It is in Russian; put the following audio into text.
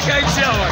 Чекай цього.